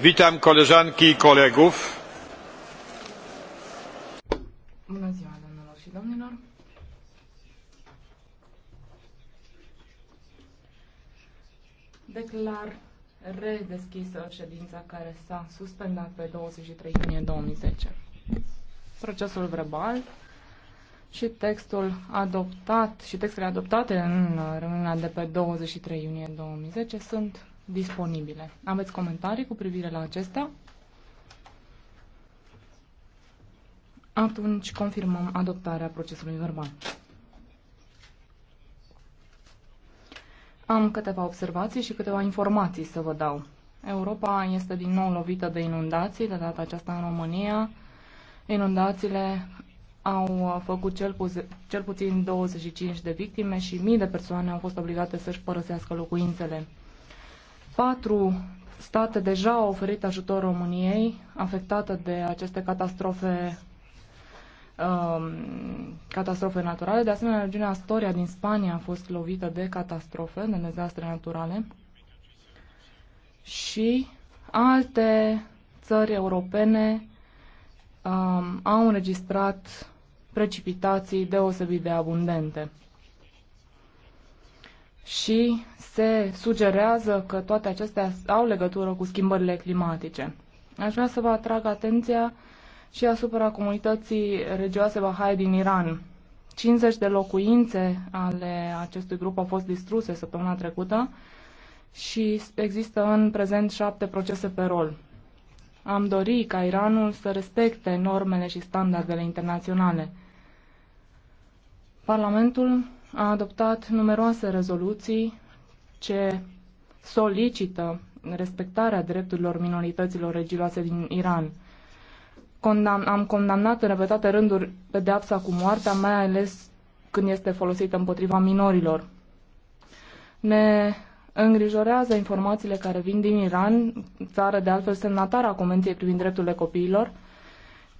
Witam koleżanki i kolegów. Bună ziua, domnilor și domnilor. Declar redeschisă ședința care s-a suspendat pe 23 iunie 2010. Procesul verbal și textul adoptat și textele adoptate în reuniunea de pe 23 iunie 2010 sunt disponibile. Aveți comentarii cu privire la acestea? Atunci confirmăm adoptarea procesului verbal. Am câteva observații și câteva informații să vă dau. Europa este din nou lovită de inundații, de data aceasta în România. Inundațiile au făcut cel, pu- cel puțin 25 de victime și mii de persoane au fost obligate să-și părăsească locuințele. Patru state deja au oferit ajutor României afectată de aceste catastrofe um, catastrofe naturale. De asemenea, regiunea Astoria din Spania a fost lovită de catastrofe, de dezastre naturale. Și alte țări europene um, au înregistrat precipitații deosebit de abundente. Și se sugerează că toate acestea au legătură cu schimbările climatice. Aș vrea să vă atrag atenția și asupra comunității regioase Bahai din Iran. 50 de locuințe ale acestui grup au fost distruse săptămâna trecută și există în prezent șapte procese pe rol. Am dori ca Iranul să respecte normele și standardele internaționale. Parlamentul a adoptat numeroase rezoluții ce solicită respectarea drepturilor minorităților religioase din Iran. Condam- am condamnat în repetate rânduri pedeapsa cu moartea, mai ales când este folosită împotriva minorilor. Ne îngrijorează informațiile care vin din Iran, țară de altfel semnatară a Convenției privind drepturile copiilor,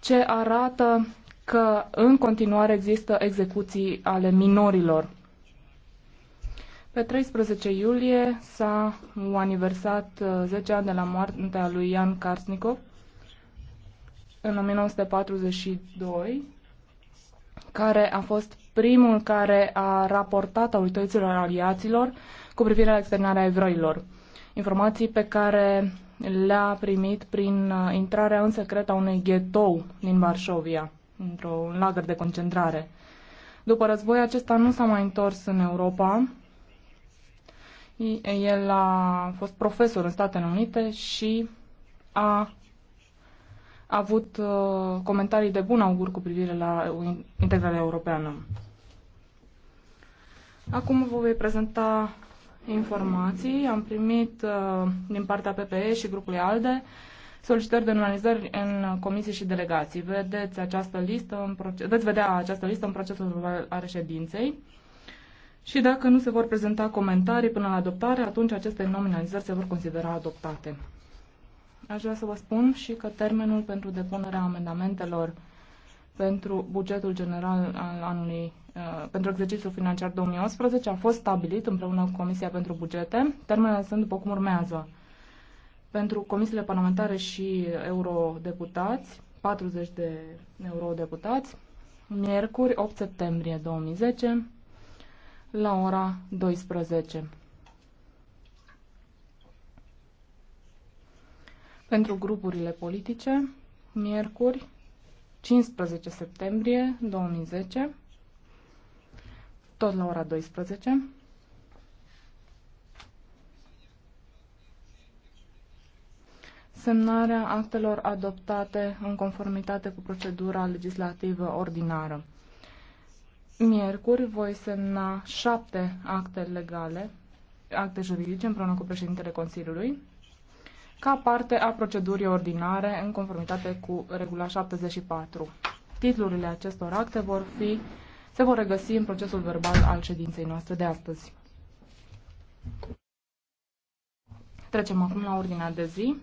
ce arată că în continuare există execuții ale minorilor. Pe 13 iulie s-a aniversat 10 uh, ani de la moartea lui Ian Karsnikov în 1942, care a fost primul care a raportat autorităților aliaților cu privire la externarea evroilor. Informații pe care le-a primit prin uh, intrarea în secret a unui ghetou din Varșovia, într-un lagăr de concentrare. După război, acesta nu s-a mai întors în Europa, el a fost profesor în Statele Unite și a avut uh, comentarii de bun augur cu privire la uh, integrarea europeană. Acum vă voi prezenta informații. Am primit uh, din partea PPE și grupului ALDE solicitări de normalizări în comisii și delegații. Vedeți această listă în proces... Veți vedea această listă în procesul al reședinței și dacă nu se vor prezenta comentarii până la adoptare, atunci aceste nominalizări se vor considera adoptate. Aș vrea să vă spun și că termenul pentru depunerea amendamentelor pentru bugetul general al anului, uh, pentru exercițiul financiar 2018 a fost stabilit împreună cu Comisia pentru Bugete. Termenele sunt după cum urmează. Pentru comisiile parlamentare și eurodeputați, 40 de eurodeputați, miercuri 8 septembrie 2010, la ora 12. Pentru grupurile politice, miercuri, 15 septembrie 2010, tot la ora 12. Semnarea actelor adoptate în conformitate cu procedura legislativă ordinară. Miercuri voi semna șapte acte legale, acte juridice, împreună cu președintele Consiliului, ca parte a procedurii ordinare în conformitate cu regula 74. Titlurile acestor acte vor fi, se vor regăsi în procesul verbal al ședinței noastre de astăzi. Trecem acum la ordinea de zi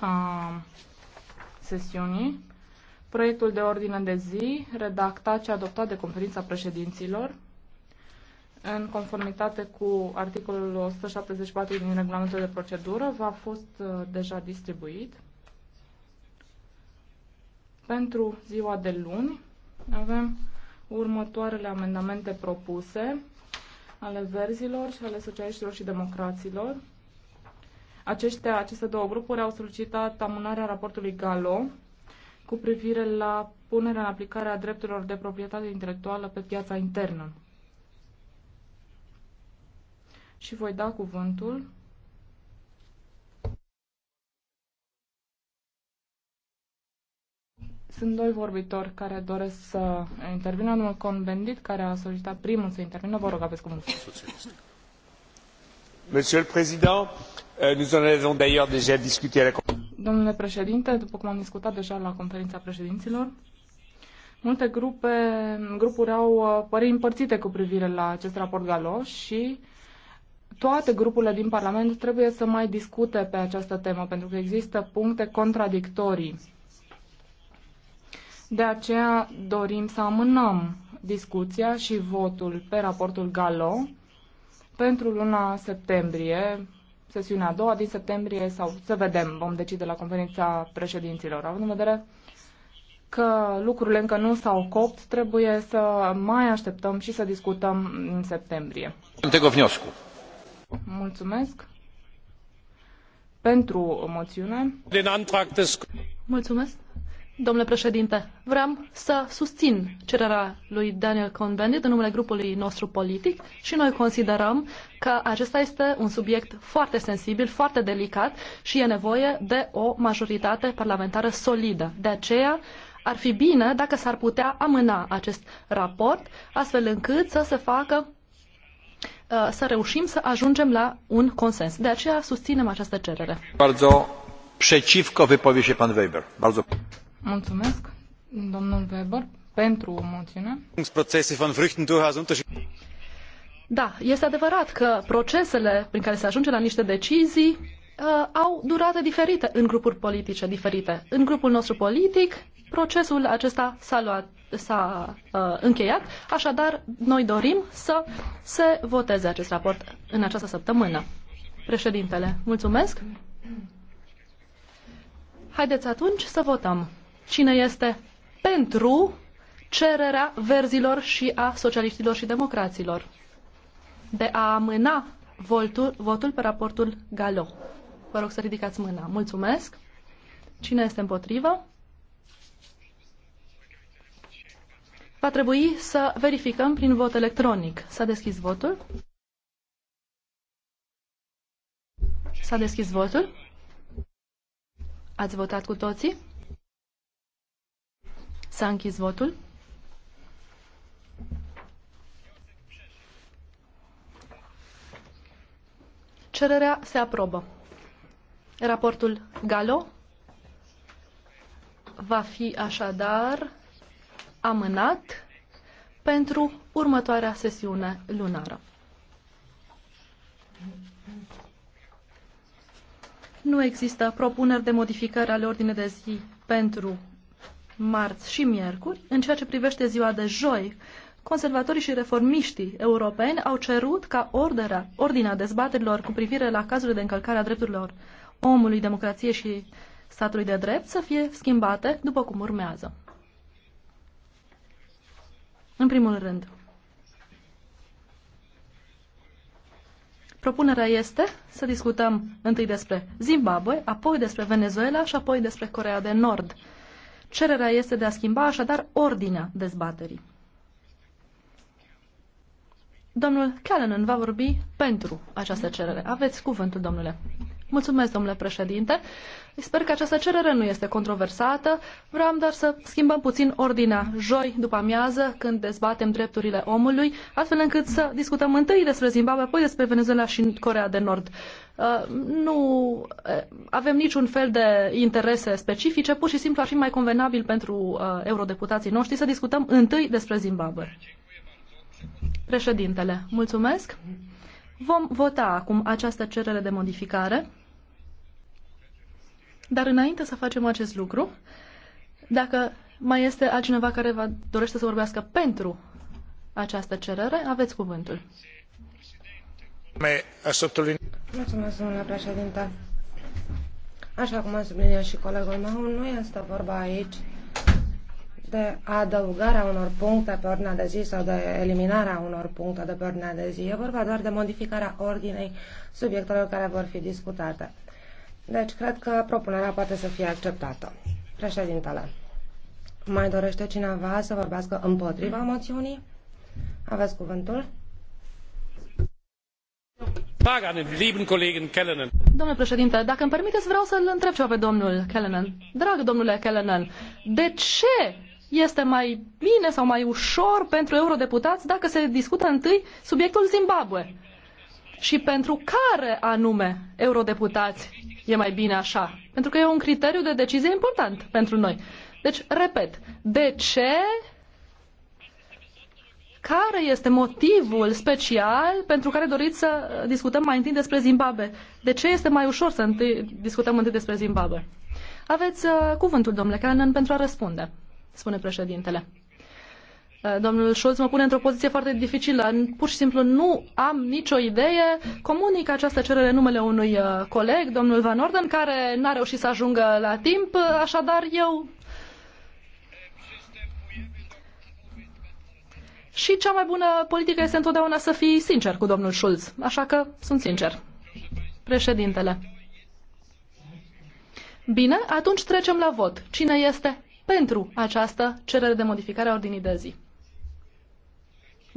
a sesiunii proiectul de ordine de zi redactat și adoptat de conferința președinților în conformitate cu articolul 174 din regulamentul de procedură, va fost uh, deja distribuit. Pentru ziua de luni avem următoarele amendamente propuse ale verzilor și ale socialiștilor și democraților. Aceștia, aceste două grupuri au solicitat amânarea raportului Galo cu privire la punerea în aplicare a drepturilor de proprietate intelectuală pe piața internă. Și voi da cuvântul Sunt doi vorbitori care doresc să intervină. Domnul Conbendit, care a solicitat primul să intervină, vă rog, aveți cuvântul. Monsieur le Président, euh, nous en avons d'ailleurs déjà discuté à la Domnule președinte, după cum am discutat deja la conferința președinților, multe grupe, grupuri au uh, păreri împărțite cu privire la acest raport Galo și toate grupurile din Parlament trebuie să mai discute pe această temă, pentru că există puncte contradictorii. De aceea dorim să amânăm discuția și votul pe raportul Galo pentru luna septembrie, sesiunea a doua din septembrie sau să vedem, vom decide la conferința președinților. Având în vedere că lucrurile încă nu s-au copt, trebuie să mai așteptăm și să discutăm în septembrie. Mulțumesc pentru moțiune. Mulțumesc. Domnule președinte, vreau să susțin cererea lui Daniel Cohn-Bendit în numele grupului nostru politic și noi considerăm că acesta este un subiect foarte sensibil, foarte delicat și e nevoie de o majoritate parlamentară solidă. De aceea ar fi bine dacă s-ar putea amâna acest raport astfel încât să se facă uh, să reușim să ajungem la un consens. De aceea susținem această cerere. Bardzo przeciwko wypowie się pan Weber. Bardzo. Mulțumesc, domnul Weber, pentru moțiune. Da, este adevărat că procesele prin care se ajunge la niște decizii uh, au durate diferite în grupuri politice diferite. În grupul nostru politic, procesul acesta s-a luat s-a uh, încheiat, așadar noi dorim să se voteze acest raport în această săptămână. Președintele, mulțumesc. Haideți atunci să votăm. Cine este pentru cererea verzilor și a socialiștilor și democraților de a amâna votul, votul pe raportul Galo? Vă rog să ridicați mâna. Mulțumesc. Cine este împotrivă? Va trebui să verificăm prin vot electronic. S-a deschis votul? S-a deschis votul? Ați votat cu toții? S-a închis votul. Cererea se aprobă. Raportul Galo va fi așadar amânat pentru următoarea sesiune lunară. Nu există propuneri de modificare ale ordinei de zi pentru marți și miercuri, în ceea ce privește ziua de joi, conservatorii și reformiștii europeni au cerut ca ordera, ordinea dezbaterilor cu privire la cazurile de încălcare a drepturilor omului, democrației și statului de drept să fie schimbate după cum urmează. În primul rând, propunerea este să discutăm întâi despre Zimbabwe, apoi despre Venezuela și apoi despre Corea de Nord. Cererea este de a schimba așadar ordinea dezbaterii. Domnul Callanan va vorbi pentru această cerere. Aveți cuvântul, domnule. Mulțumesc, domnule președinte. Sper că această cerere nu este controversată. Vreau doar să schimbăm puțin ordinea joi după amiază, când dezbatem drepturile omului, astfel încât să discutăm întâi despre Zimbabwe, apoi despre Venezuela și Corea de Nord. Uh, nu uh, avem niciun fel de interese specifice, pur și simplu ar fi mai convenabil pentru uh, eurodeputații noștri să discutăm întâi despre Zimbabwe. Președintele, mulțumesc. Vom vota acum această cerere de modificare. Dar înainte să facem acest lucru, dacă mai este altcineva care va dorește să vorbească pentru această cerere, aveți cuvântul. Mulțumesc, domnule președinte. Așa cum a subliniat și colegul meu, nu este vorba aici de adăugarea unor puncte pe ordinea de zi sau de eliminarea unor puncte de pe ordinea de zi. E vorba doar de modificarea ordinei subiectelor care vor fi discutate. Deci cred că propunerea poate să fie acceptată. Președintele, mai dorește cineva să vorbească împotriva moțiunii? Aveți cuvântul? Domnule președinte, dacă îmi permiteți, vreau să-l întreb ceva pe domnul Kellenen. Dragă domnule Kellenen, de ce este mai bine sau mai ușor pentru eurodeputați dacă se discută întâi subiectul Zimbabwe? și pentru care anume eurodeputați e mai bine așa. Pentru că e un criteriu de decizie important pentru noi. Deci, repet, de ce care este motivul special pentru care doriți să discutăm mai întâi despre Zimbabwe? De ce este mai ușor să întâi, discutăm întâi despre Zimbabwe? Aveți uh, cuvântul, domnule Cannon, pentru a răspunde, spune președintele. Eh, domnul Schulz mă pune într-o poziție foarte dificilă. Pur și simplu nu am nicio idee. Comunic această cerere în numele unui eh, coleg, domnul Van Orden, care n-a reușit să ajungă la timp, așadar eu... Și cea mai bună politică este întotdeauna să fii sincer cu domnul Schulz. Așa că sunt sincer. Președintele. Bine, atunci trecem la vot. Cine este pentru această cerere de modificare a ordinii de zi.